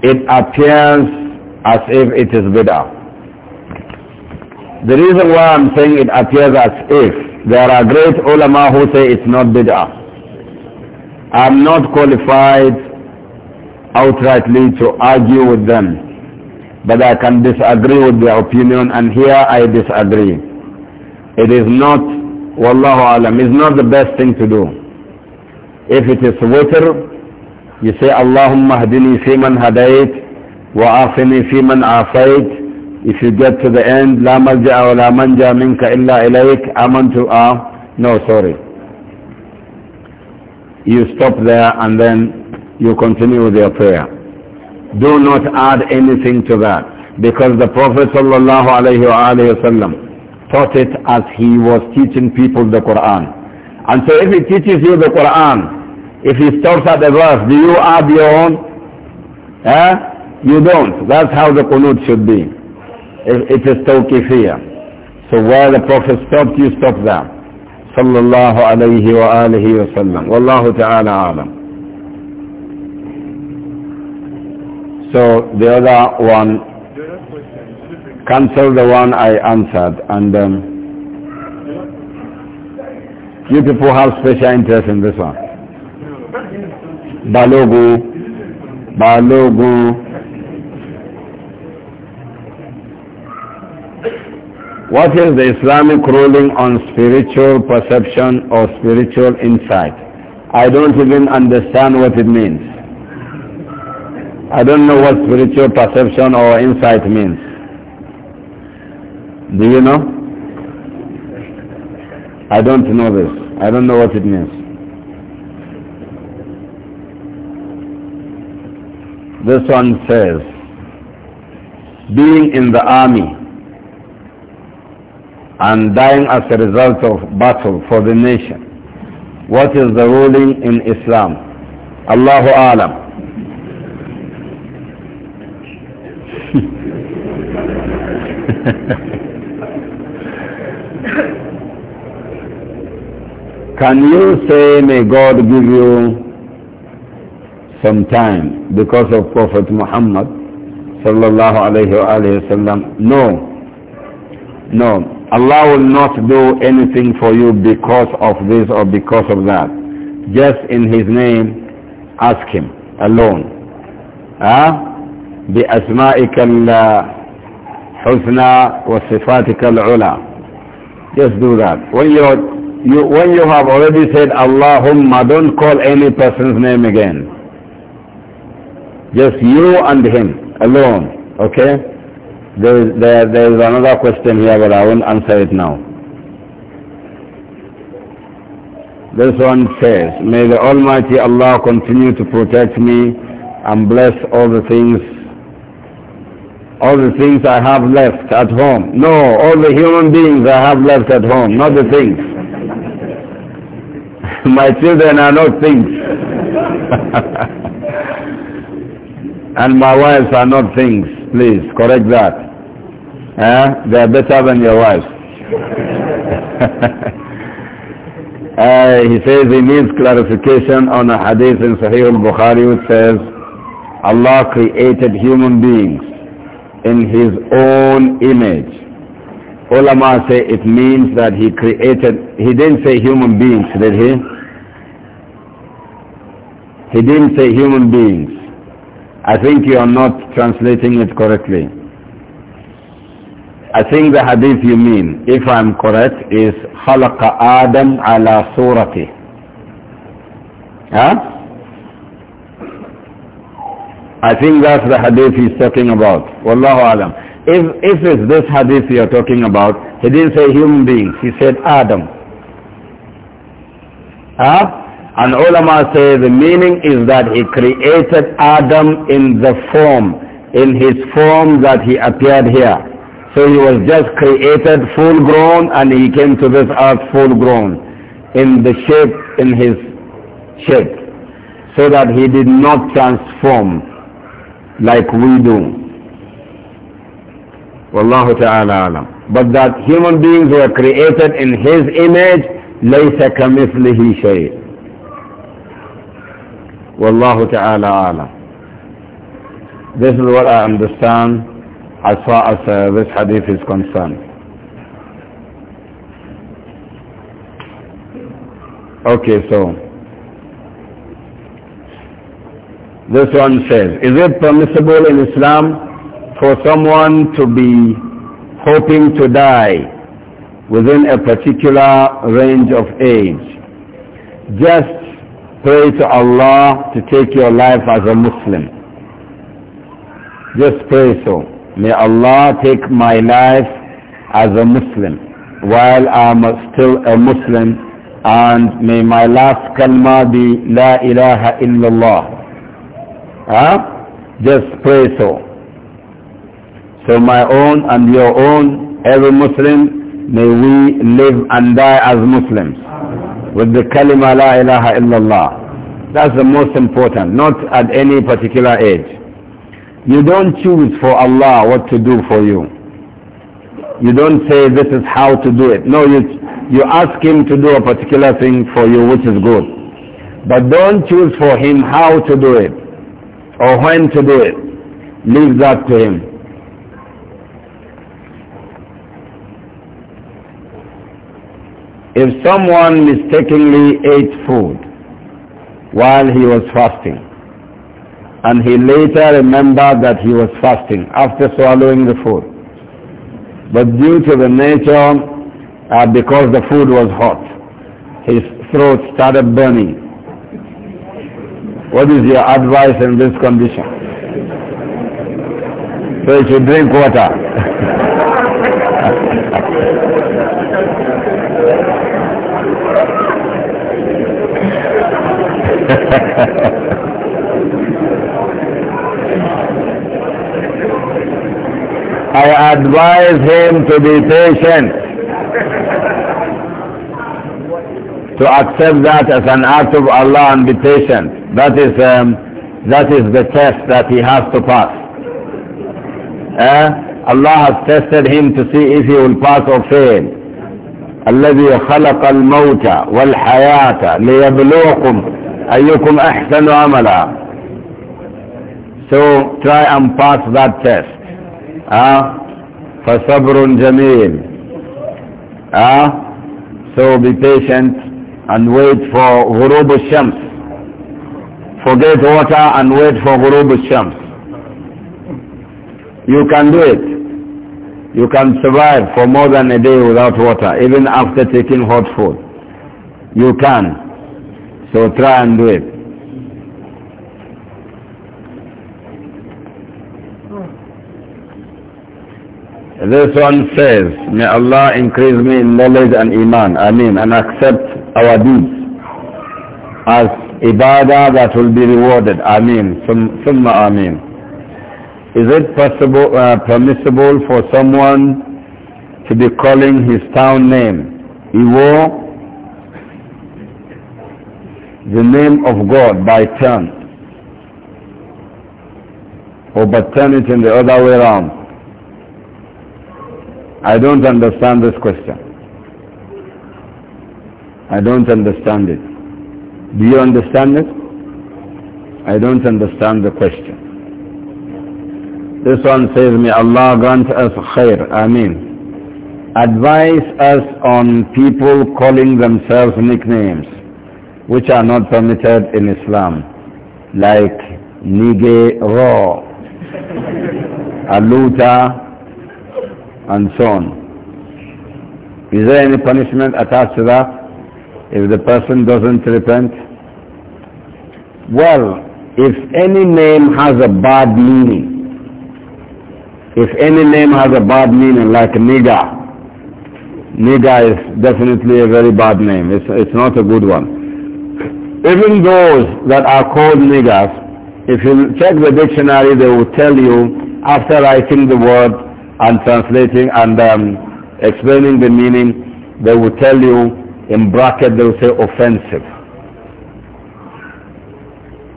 It appears as if it is bid'ah. The reason why I'm saying it appears as if, there are great ulama who say it's not bid'ah. I'm not qualified outrightly to argue with them but I can disagree with their opinion and here I disagree. It is not, wallahu alam, it's not the best thing to do. If it is witr, you say Allahumma hadini fi man hadayt wa afini fi man afayt. If you get to the end, la malja'a wa la manja minka illa ilayk, amantu ah, no sorry. You stop there and then you continue with your prayer. Do not add anything to that. Because the Prophet ﷺ taught it as he was teaching people the Quran. And so if he teaches you the Quran, if he stops at the verse, do you add your own? Eh? You don't. That's how the Qunut should be. It is tawqifiyah. So where the Prophet stopped, you stop there. Sallallahu alayhi wa alihi wa Wallahu ta'ala alam. So the other one, cancel the one I answered. And um, you people have special interest in this one. Balogu, Balogu. What is the Islamic ruling on spiritual perception or spiritual insight? I don't even understand what it means. I don't know what spiritual perception or insight means. Do you know? I don't know this. I don't know what it means. This one says, being in the army and dying as a result of battle for the nation. What is the ruling in Islam? Allahu Alam. [LAUGHS] Can you say, may God give you some time because of Prophet Muhammad sallallahu alayhi wa alayhi wasallam? No. No. Allah will not do anything for you because of this or because of that. Just in His name, ask Him alone. Huh? بأسمائك الله husna wa sifatikal Just do that. When you, you, when you have already said Allahumma, don't call any person's name again. Just you and him alone, okay? There is, there, there is another question here, but I won't answer it now. This one says, May the Almighty Allah continue to protect me and bless all the things all the things I have left at home. No, all the human beings I have left at home, not the things. [LAUGHS] My children are not things. [LAUGHS] and my wives are not things. Please, correct that. Eh? They are better than your wives. uh, [LAUGHS] he says he needs clarification on a hadith in Sahih al-Bukhari which says, Allah created human beings in his own image. Ulama say it means that he created, he didn't say human beings, did he? He didn't say human beings. I think you are not translating it correctly. I think the hadith you mean, if I'm correct, is خَلَقَ آدَمْ عَلَى صُورَتِهِ Huh? I think that's the hadith he's talking about. Wallahu alam. If, if it's this hadith you're talking about, he didn't say human beings, he said Adam. Huh? And ulama say the meaning is that he created Adam in the form, in his form that he appeared here. So he was just created full grown and he came to this earth full grown in the shape, in his shape. So that he did not transform like we do. Wallahu ta'ala alam. But that human beings were created in his image, لَيْسَ كَمِثْلِهِ شَيْءٍ Wallahu ta'ala alam. This is what I understand as far as uh, this hadith is concerned. Okay, so... This one says, is it permissible in Islam for someone to be hoping to die within a particular range of age? Just pray to Allah to take your life as a Muslim. Just pray so. May Allah take my life as a Muslim while I'm still a Muslim and may my last kalma be La ilaha illallah Huh? Just pray so. So my own and your own, every Muslim, may we live and die as Muslims with the kalima la ilaha illallah. That's the most important, not at any particular age. You don't choose for Allah what to do for you. You don't say this is how to do it. No, you, you ask Him to do a particular thing for you which is good. But don't choose for Him how to do it or when to do it. Leave that to him. If someone mistakenly ate food while he was fasting, and he later remembered that he was fasting after swallowing the food, but due to the nature, uh, because the food was hot, his throat started burning what is your advice in this condition? So you should drink water. [LAUGHS] I advise him to be patient. to accept that as an act of Allah and be patient. That is, um, that is the test that he has to pass. Eh? Allah has tested him to see if he will pass or fail. الذي خلق الموت والحياة ليبلوكم أيكم أحسن عملا So try and pass that test. Ah, فصبر جميل. Ah, so be patient and wait for ghurub shams forget water and wait for ghurub shams you can do it you can survive for more than a day without water even after taking hot food you can so try and do it This one says, May Allah increase me in knowledge and iman, I mean, and accept our deeds as ibadah that will be rewarded. Ameen. Summa Ameen. Is it possible, uh, permissible for someone to be calling his town name, Iwo, the name of God by turn? Or but turn it in the other way around? I don't understand this question. I don't understand it. Do you understand it? I don't understand the question. This one says, may Allah grant us khair. Ameen. Advise us on people calling themselves nicknames which are not permitted in Islam, like Nige Ro, Aluta, and so on. Is there any punishment attached to that? if the person doesn't repent? Well, if any name has a bad meaning, if any name has a bad meaning like nigger, nigger is definitely a very bad name. It's, it's not a good one. Even those that are called niggers, if you check the dictionary, they will tell you after writing the word and translating and um, explaining the meaning, they will tell you in bracket they'll say offensive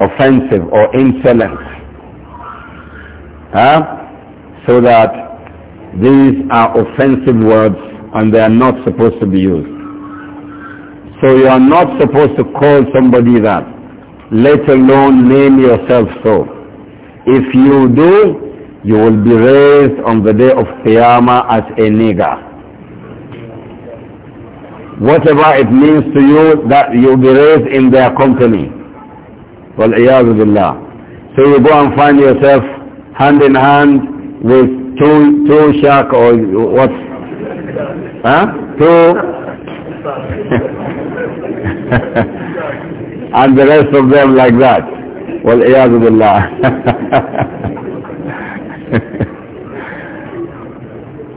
offensive or insolent huh? so that these are offensive words and they are not supposed to be used so you are not supposed to call somebody that let alone name yourself so if you do you will be raised on the day of Qiyamah as a nigger whatever it means to you that you'll be raised in their company. وَالْعِيَاذُ بِاللَّهِ So you go and find yourself hand in hand with two, two shark or what? Huh? Two? [LAUGHS] and the rest of them like that. وَالْعِيَاذُ بِاللَّهِ [LAUGHS]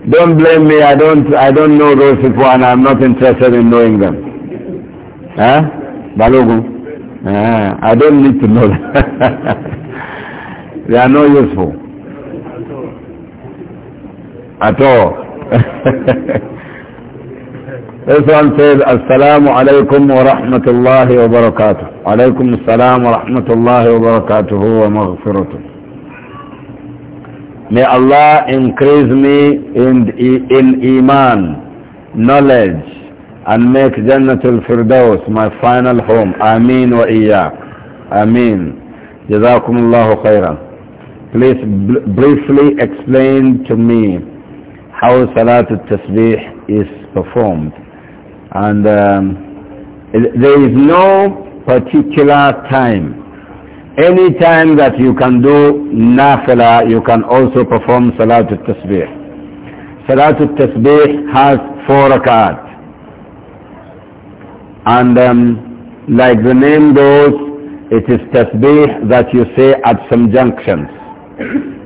Don't blame me, I don't, I don't know those people and I'm not interested in knowing them. Huh? Balogu Uh, I don't need to know them they are not useful. At all. this one says, Assalamu alaikum wa rahmatullahi wa barakatuh. Alaikum assalam wa rahmatullahi wa barakatuhu wa maghfiratuh. May Allah increase me in, in Iman, knowledge, and make Jannatul Firdaus my final home. Ameen wa Iyak. Ameen. Jazakumullahu khairan. Please briefly explain to me how Salatul Tasbih is performed. And um, there is no particular time any time that you can do nafila, you can also perform Salatul Tasbih. Salatul Tasbih has four rakat. And um, like the name goes, it is Tasbih that you say at some junctions.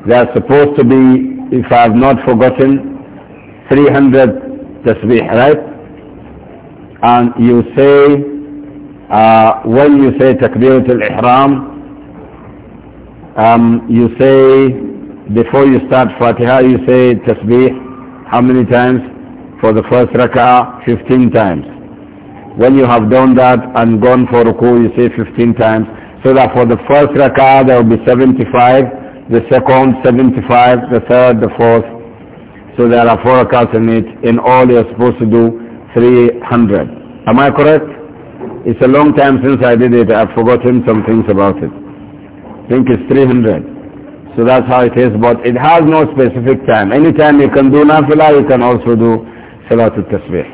They are supposed to be, if I have not forgotten, 300 Tasbih, right? And you say, uh, when you say al Ihram, um, you say, before you start Fatiha, you say Tasbih, how many times? For the first rak'ah, 15 times. When you have done that and gone for ruku, you say 15 times. So that for the first rak'ah, there will be 75, the second 75, the third, the fourth. So there are four rak'ahs in it. In all, you're supposed to do 300. Am I correct? It's a long time since I did it. I've forgotten some things about it think it's 300. So that's how it is, but it has no specific time. Anytime you can do nafila, you can also do salatul tasbih.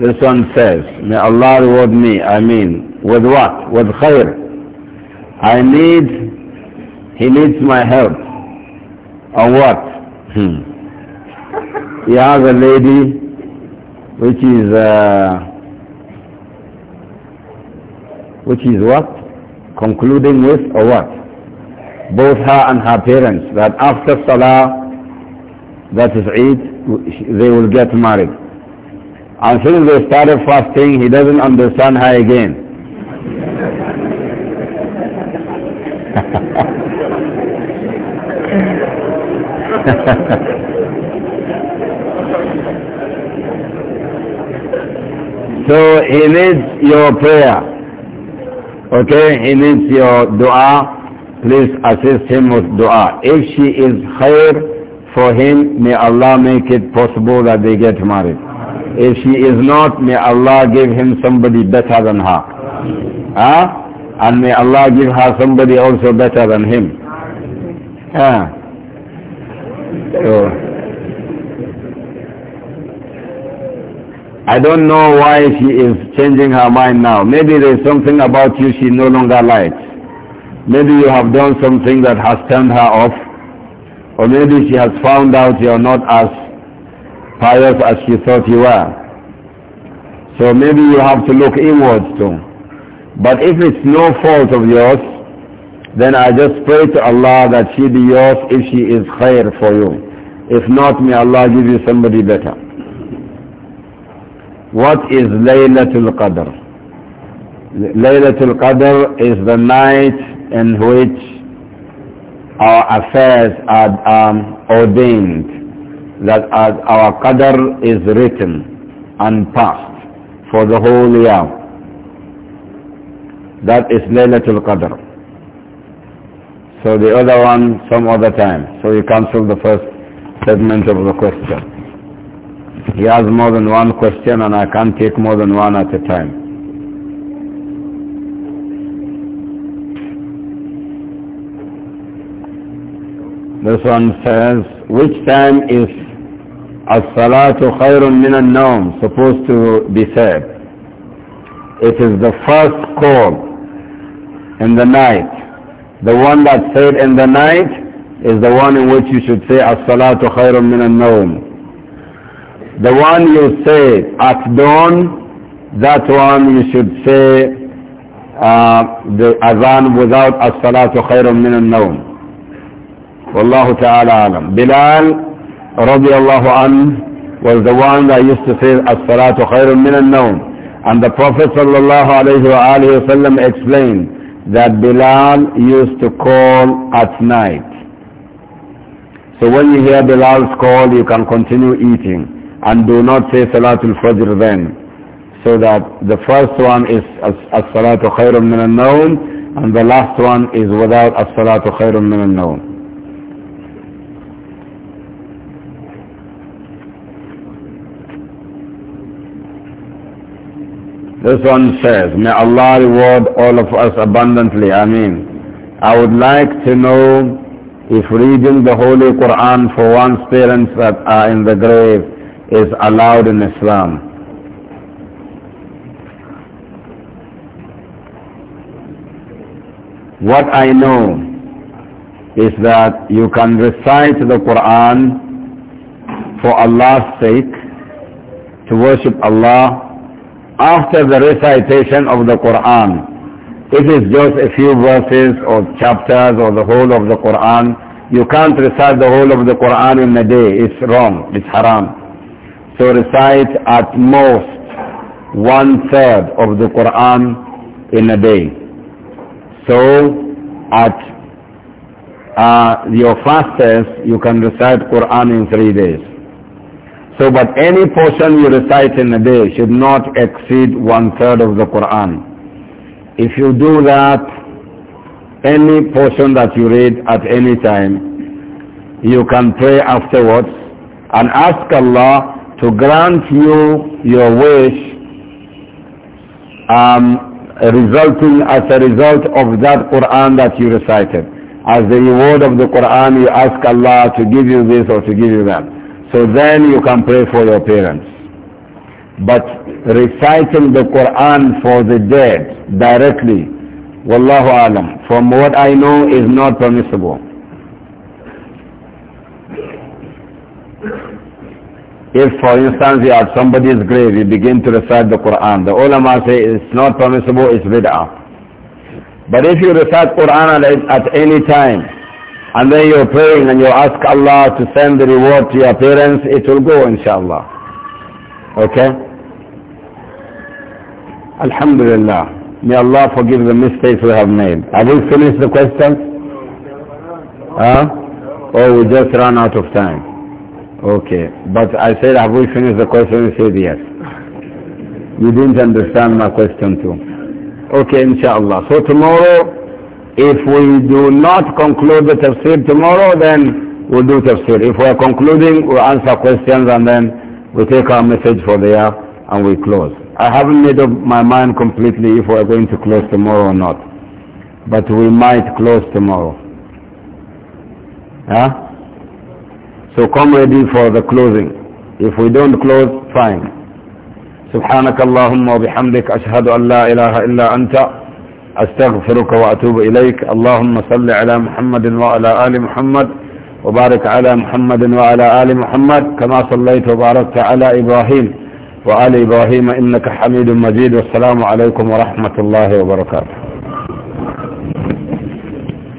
This one says, May Allah reward me, I mean, with what? With khair. I need, he needs my help. On what? Hmm. He has a lady which is uh, which is what concluding with or what both her and her parents that after salah that is Eid they will get married until they started fasting he doesn't understand her again [LAUGHS] So he needs your prayer. Okay, he needs your dua. Please assist him with dua. If she is khair for him, may Allah make it possible that they get married. If she is not, may Allah give him somebody better than her. Huh? And may Allah give her somebody also better than him. Huh? So, I don't know why she is changing her mind now. Maybe there is something about you she no longer likes. Maybe you have done something that has turned her off. Or maybe she has found out you are not as pious as she thought you were. So maybe you have to look inwards too. But if it's no fault of yours, then I just pray to Allah that she be yours if she is khair for you. If not, may Allah give you somebody better. What is Laylatul Qadr? Laylatul Qadr is the night in which our affairs are um, ordained, that our Qadr is written and passed for the whole year. That is Laylatul Qadr. So the other one some other time. So you cancel the first segment of the question. He has more than one question and I can't take more than one at a time. This one says, which time is As-salatu Khairun min al supposed to be said? It is the first call in the night. The one that said in the night is the one in which you should say As-salatu Khairun min al the one you say at dawn, that one you should say uh, the adhan without as-salatu khayrun min al-nawm. Wallahu ta'ala alam. Bilal radiallahu an was the one that used to say as-salatu khayrun min al-nawm. And the Prophet sallallahu alayhi wa alayhi wa explained that Bilal used to call at night. So when you hear Bilal's call, you can continue eating and do not say Salatul Fajr then. So that the first one is As-Salatu Khairun Min Al-Nawm and the last one is without As-Salatu Khairun Min Al-Nawm. This one says, May Allah reward all of us abundantly. I mean, I would like to know if reading the Holy Quran for one's parents that are in the grave is allowed in Islam. What I know is that you can recite the Quran for Allah's sake, to worship Allah, after the recitation of the Quran. If it's just a few verses or chapters or the whole of the Quran, you can't recite the whole of the Quran in a day. It's wrong. It's haram to recite at most one third of the Quran in a day. So at uh, your fastest, you can recite Quran in three days. So but any portion you recite in a day should not exceed one third of the Quran. If you do that, any portion that you read at any time, you can pray afterwards and ask Allah to grant you your wish um, resulting as a result of that Quran that you recited. As the reward of the Quran, you ask Allah to give you this or to give you that. So then you can pray for your parents. But reciting the Quran for the dead directly, Wallahu alam, from what I know is not permissible. If, for instance, you're at somebody's grave, you begin to recite the Quran. The ulama say it's not permissible, it's bid'ah. But if you recite Quran at, any time, and then you're praying and you ask Allah to send the reward to your parents, it will go, inshallah. Okay? Alhamdulillah. May Allah forgive the mistakes we have made. Have we finished the questions? Huh? Or oh, we just run out of time? Okay, but I said, have we finished the question? You said yes. You didn't understand my question too. Okay, inshallah. So tomorrow, if we do not conclude the tafsir tomorrow, then we'll do tafsir. If we are concluding, we'll answer questions and then we take our message for the year and we close. I haven't made up my mind completely if we are going to close tomorrow or not. But we might close tomorrow. Huh? So come ready for the closing. If we don't close, fine. سبحانك اللهم وبحمدك أشهد أن لا إله إلا أنت أستغفرك وأتوب إليك اللهم صل على محمد وعلى آل محمد وبارك على محمد وعلى آل محمد كما صليت وباركت على إبراهيم وآل إبراهيم إنك حميد مجيد والسلام عليكم ورحمة الله وبركاته